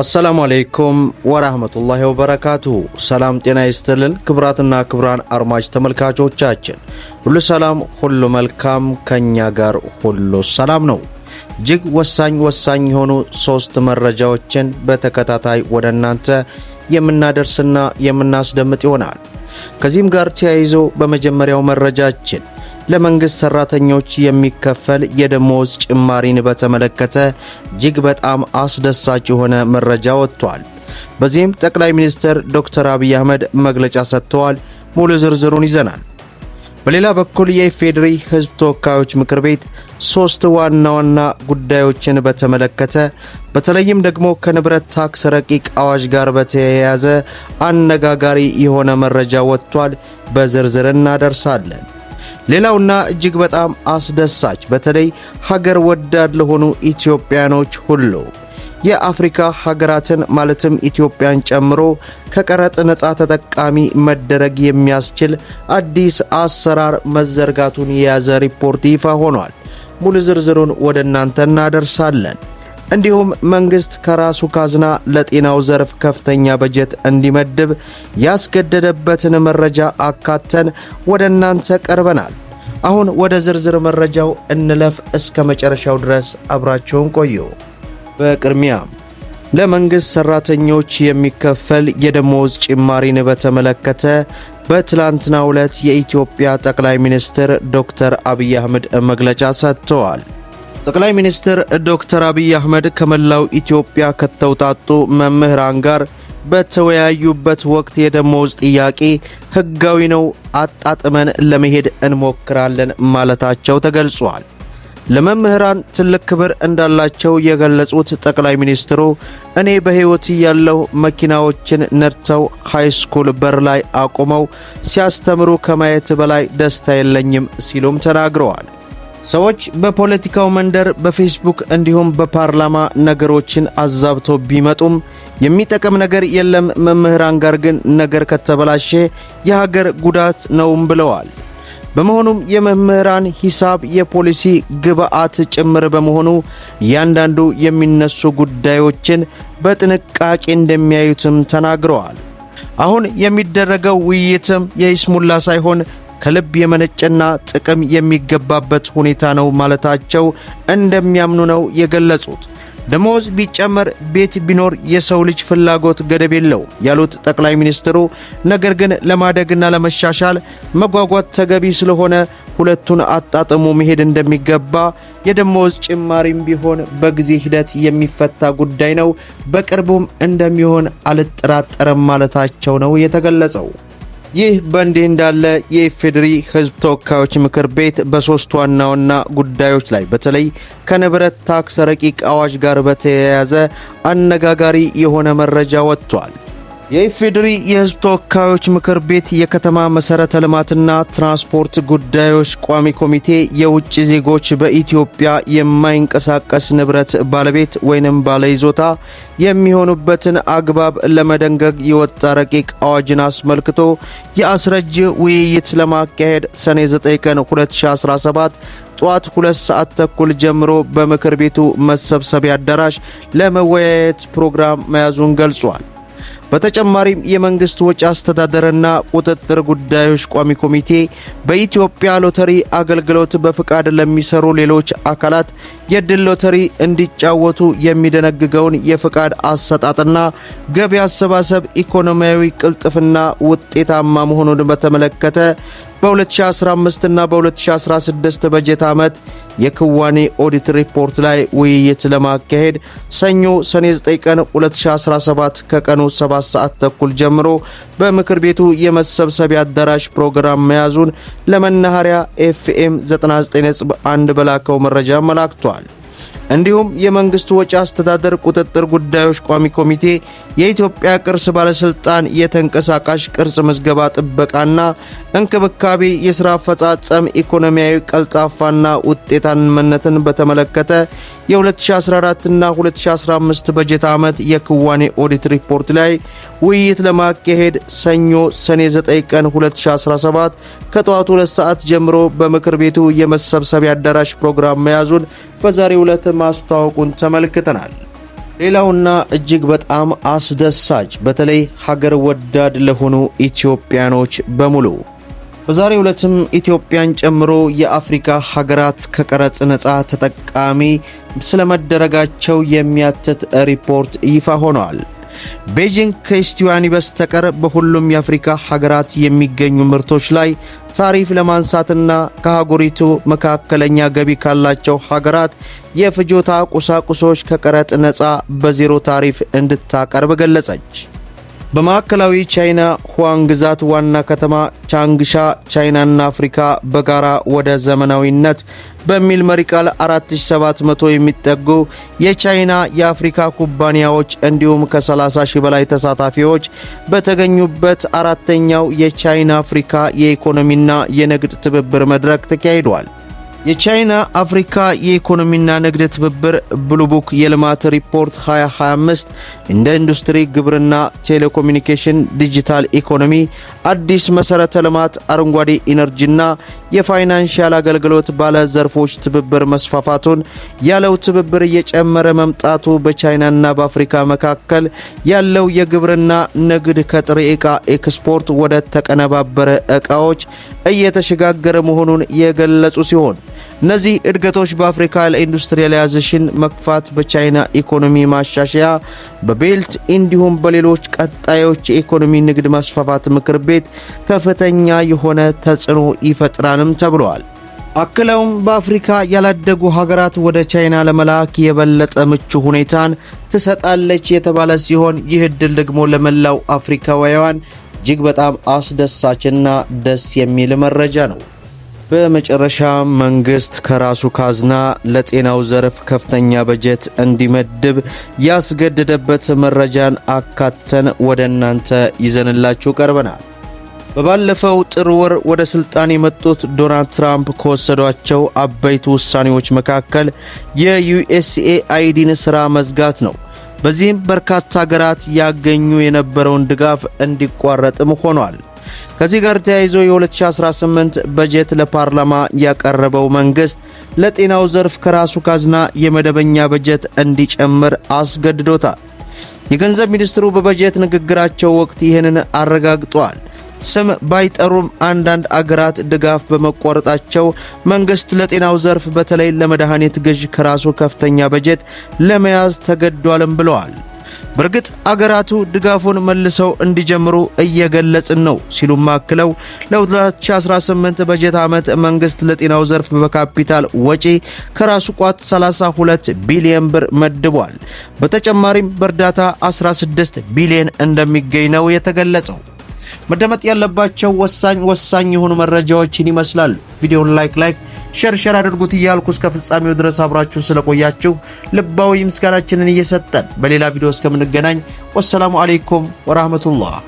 አሰላሙ አለይኩም ወራህመቱላሂ ወበረካቱሁ። ሰላም ጤና ይስጥልን ክብራትና ክብራን አድማጭ ተመልካቾቻችን ሁሉ ሰላም ሁሉ መልካም፣ ከኛ ጋር ሁሉ ሰላም ነው። እጅግ ወሳኝ ወሳኝ የሆኑ ሶስት መረጃዎችን በተከታታይ ወደ እናንተ የምናደርስና የምናስደምጥ ይሆናል። ከዚህም ጋር ተያይዞ በመጀመሪያው መረጃችን ለመንግስት ሰራተኞች የሚከፈል የደሞዝ ጭማሪን በተመለከተ እጅግ በጣም አስደሳች የሆነ መረጃ ወጥቷል። በዚህም ጠቅላይ ሚኒስትር ዶክተር አብይ አህመድ መግለጫ ሰጥተዋል። ሙሉ ዝርዝሩን ይዘናል። በሌላ በኩል የኢፌዴሪ ሕዝብ ተወካዮች ምክር ቤት ሶስት ዋና ዋና ጉዳዮችን በተመለከተ በተለይም ደግሞ ከንብረት ታክስ ረቂቅ አዋጅ ጋር በተያያዘ አነጋጋሪ የሆነ መረጃ ወጥቷል። በዝርዝር እናደርሳለን። ሌላውና እጅግ በጣም አስደሳች በተለይ ሀገር ወዳድ ለሆኑ ኢትዮጵያኖች ሁሉ የአፍሪካ ሀገራትን ማለትም ኢትዮጵያን ጨምሮ ከቀረጥ ነፃ ተጠቃሚ መደረግ የሚያስችል አዲስ አሰራር መዘርጋቱን የያዘ ሪፖርት ይፋ ሆኗል። ሙሉ ዝርዝሩን ወደ እናንተ እናደርሳለን። እንዲሁም መንግስት ከራሱ ካዝና ለጤናው ዘርፍ ከፍተኛ በጀት እንዲመድብ ያስገደደበትን መረጃ አካተን ወደ እናንተ ቀርበናል። አሁን ወደ ዝርዝር መረጃው እንለፍ። እስከ መጨረሻው ድረስ አብራቸውን ቆዩ። በቅድሚያ ለመንግሥት ሠራተኞች የሚከፈል የደሞዝ ጭማሪን በተመለከተ በትላንትና ዕለት የኢትዮጵያ ጠቅላይ ሚኒስትር ዶክተር አብይ አህመድ መግለጫ ሰጥተዋል። ጠቅላይ ሚኒስትር ዶክተር አብይ አህመድ ከመላው ኢትዮጵያ ከተውጣጡ መምህራን ጋር በተወያዩበት ወቅት የደሞዝ ጥያቄ ሕጋዊ ነው፣ አጣጥመን ለመሄድ እንሞክራለን ማለታቸው ተገልጿል። ለመምህራን ትልቅ ክብር እንዳላቸው የገለጹት ጠቅላይ ሚኒስትሩ እኔ በሕይወት ያለው መኪናዎችን ነድተው ሃይስኩል በር ላይ አቁመው ሲያስተምሩ ከማየት በላይ ደስታ የለኝም ሲሉም ተናግረዋል። ሰዎች በፖለቲካው መንደር በፌስቡክ እንዲሁም በፓርላማ ነገሮችን አዛብተው ቢመጡም የሚጠቅም ነገር የለም። መምህራን ጋር ግን ነገር ከተበላሸ የሀገር ጉዳት ነውም ብለዋል። በመሆኑም የመምህራን ሂሳብ የፖሊሲ ግብዓት ጭምር በመሆኑ እያንዳንዱ የሚነሱ ጉዳዮችን በጥንቃቄ እንደሚያዩትም ተናግረዋል። አሁን የሚደረገው ውይይትም የይስሙላ ሳይሆን ከልብ የመነጨና ጥቅም የሚገባበት ሁኔታ ነው ማለታቸው እንደሚያምኑ ነው የገለጹት። ደሞዝ ቢጨመር ቤት ቢኖር የሰው ልጅ ፍላጎት ገደብ የለውም ያሉት ጠቅላይ ሚኒስትሩ፣ ነገር ግን ለማደግና ለመሻሻል መጓጓት ተገቢ ስለሆነ ሁለቱን አጣጥሞ መሄድ እንደሚገባ፣ የደሞዝ ጭማሪም ቢሆን በጊዜ ሂደት የሚፈታ ጉዳይ ነው፣ በቅርቡም እንደሚሆን አልጥራጠረም ማለታቸው ነው የተገለጸው። ይህ በእንዲህ እንዳለ የኢፌዴሪ ሕዝብ ተወካዮች ምክር ቤት በሶስት ዋና ዋና ጉዳዮች ላይ በተለይ ከንብረት ታክስ ረቂቅ አዋጅ ጋር በተያያዘ አነጋጋሪ የሆነ መረጃ ወጥቷል። የኢፌዴሪ የሕዝብ ተወካዮች ምክር ቤት የከተማ መሠረተ ልማትና ትራንስፖርት ጉዳዮች ቋሚ ኮሚቴ የውጭ ዜጎች በኢትዮጵያ የማይንቀሳቀስ ንብረት ባለቤት ወይንም ባለይዞታ የሚሆኑበትን አግባብ ለመደንገግ የወጣ ረቂቅ አዋጅን አስመልክቶ የአስረጅ ውይይት ለማካሄድ ሰኔ 9 ቀን 2017 ጠዋት ሁለት ሰዓት ተኩል ጀምሮ በምክር ቤቱ መሰብሰቢያ አዳራሽ ለመወያየት ፕሮግራም መያዙን ገልጿል። በተጨማሪም የመንግስት ወጪ አስተዳደርና ቁጥጥር ጉዳዮች ቋሚ ኮሚቴ በኢትዮጵያ ሎተሪ አገልግሎት በፍቃድ ለሚሰሩ ሌሎች አካላት የድል ሎተሪ እንዲጫወቱ የሚደነግገውን የፍቃድ አሰጣጥና ገቢ አሰባሰብ ኢኮኖሚያዊ ቅልጥፍና ውጤታማ መሆኑን በተመለከተ በ2015 እና በ2016 በጀት ዓመት የክዋኔ ኦዲት ሪፖርት ላይ ውይይት ለማካሄድ ሰኞ ሰኔ 9 ቀን 2017 ከቀኑ 7 ሰዓት ተኩል ጀምሮ በምክር ቤቱ የመሰብሰቢያ አዳራሽ ፕሮግራም መያዙን ለመናኸሪያ ኤፍኤም 99.1 በላከው መረጃ መላክቷል እንዲሁም የመንግስት ወጪ አስተዳደር ቁጥጥር ጉዳዮች ቋሚ ኮሚቴ፣ የኢትዮጵያ ቅርስ ባለስልጣን፣ የተንቀሳቃሽ ቅርጽ ምዝገባ ጥበቃና እንክብካቤ፣ የሥራ አፈጻጸም፣ ኢኮኖሚያዊ ቀልጣፋና ውጤታማነትን በተመለከተ የ2014ና 2015 በጀት ዓመት የክዋኔ ኦዲት ሪፖርት ላይ ውይይት ለማካሄድ ሰኞ ሰኔ 9 ቀን 2017 ከጠዋቱ 2 ሰዓት ጀምሮ በምክር ቤቱ የመሰብሰቢያ አዳራሽ ፕሮግራም መያዙን በዛሬው ዕለት ማስታወቁን ተመልክተናል። ሌላውና እጅግ በጣም አስደሳች በተለይ ሀገር ወዳድ ለሆኑ ኢትዮጵያኖች በሙሉ በዛሬው ዕለትም ኢትዮጵያን ጨምሮ የአፍሪካ ሀገራት ከቀረጽ ነፃ ተጠቃሚ ስለመደረጋቸው የሚያትት ሪፖርት ይፋ ሆኗል። ቤጂንግ ከኢስቲዋኒ በስተቀር በሁሉም የአፍሪካ ሀገራት የሚገኙ ምርቶች ላይ ታሪፍ ለማንሳትና ከአህጉሪቱ መካከለኛ ገቢ ካላቸው ሀገራት የፍጆታ ቁሳቁሶች ከቀረጥ ነፃ በዜሮ ታሪፍ እንድታቀርብ ገለጸች። በማዕከላዊ ቻይና ሁዋን ግዛት ዋና ከተማ ቻንግሻ ቻይናና አፍሪካ በጋራ ወደ ዘመናዊነት በሚል መሪ ቃል 4700 የሚጠጉ የቻይና የአፍሪካ ኩባንያዎች እንዲሁም ከ30 ሺህ በላይ ተሳታፊዎች በተገኙበት አራተኛው የቻይና አፍሪካ የኢኮኖሚና የንግድ ትብብር መድረክ ተካሂዷል። የቻይና አፍሪካ የኢኮኖሚና ንግድ ትብብር ብሉቡክ የልማት ሪፖርት 2025 እንደ ኢንዱስትሪ፣ ግብርና፣ ቴሌኮሙኒኬሽን፣ ዲጂታል ኢኮኖሚ፣ አዲስ መሠረተ ልማት፣ አረንጓዴ ኢነርጂና የፋይናንሻል አገልግሎት ባለ ዘርፎች ትብብር መስፋፋቱን ያለው ትብብር እየጨመረ መምጣቱ በቻይናና በአፍሪካ መካከል ያለው የግብርና ንግድ ከጥሬ ዕቃ ኤክስፖርት ወደ ተቀነባበረ ዕቃዎች እየተሸጋገረ መሆኑን የገለጹ ሲሆን እነዚህ እድገቶች በአፍሪካ ለኢንዱስትሪያላይዜሽን መክፋት በቻይና ኢኮኖሚ ማሻሻያ፣ በቤልት እንዲሁም በሌሎች ቀጣዮች የኢኮኖሚ ንግድ ማስፋፋት ምክር ቤት ከፍተኛ የሆነ ተጽዕኖ ይፈጥራልም ተብለዋል። አክለውም በአፍሪካ ያላደጉ ሀገራት ወደ ቻይና ለመላክ የበለጠ ምቹ ሁኔታን ትሰጣለች የተባለ ሲሆን ይህ ዕድል ደግሞ ለመላው አፍሪካውያን እጅግ በጣም አስደሳችና ደስ የሚል መረጃ ነው። በመጨረሻ መንግስት ከራሱ ካዝና ለጤናው ዘርፍ ከፍተኛ በጀት እንዲመድብ ያስገደደበት መረጃን አካተን ወደ እናንተ ይዘንላችሁ ቀርበናል። በባለፈው ጥር ወር ወደ ሥልጣን የመጡት ዶናልድ ትራምፕ ከወሰዷቸው አበይት ውሳኔዎች መካከል አይዲን ሥራ መዝጋት ነው። በዚህም በርካታ አገራት ያገኙ የነበረውን ድጋፍ እንዲቋረጥም ሆኗል። ከዚህ ጋር ተያይዞ የ2018 በጀት ለፓርላማ ያቀረበው መንግስት ለጤናው ዘርፍ ከራሱ ካዝና የመደበኛ በጀት እንዲጨምር አስገድዶታል። የገንዘብ ሚኒስትሩ በበጀት ንግግራቸው ወቅት ይህንን አረጋግጧል። ስም ባይጠሩም አንዳንድ አገራት ድጋፍ በመቋረጣቸው መንግስት ለጤናው ዘርፍ በተለይ ለመድኃኒት ገዥ ከራሱ ከፍተኛ በጀት ለመያዝ ተገዷልም ብለዋል። በእርግጥ አገራቱ ድጋፉን መልሰው እንዲጀምሩ እየገለጽን ነው ሲሉም አክለው ለ2018 በጀት ዓመት መንግስት ለጤናው ዘርፍ በካፒታል ወጪ ከራሱ ቋት 32 ቢሊዮን ብር መድቧል። በተጨማሪም በእርዳታ 16 ቢሊዮን እንደሚገኝ ነው የተገለጸው። መደመጥ ያለባቸው ወሳኝ ወሳኝ የሆኑ መረጃዎችን ይመስላሉ። ቪዲዮን ላይክ ላይክ ሸርሸር አድርጉት እያልኩ እስከ ፍጻሜው ድረስ አብራችሁን ስለቆያችሁ ልባዊ ምስጋናችንን እየሰጠን በሌላ ቪዲዮ እስከምንገናኝ ወሰላሙ አሌይኩም ወራህመቱላህ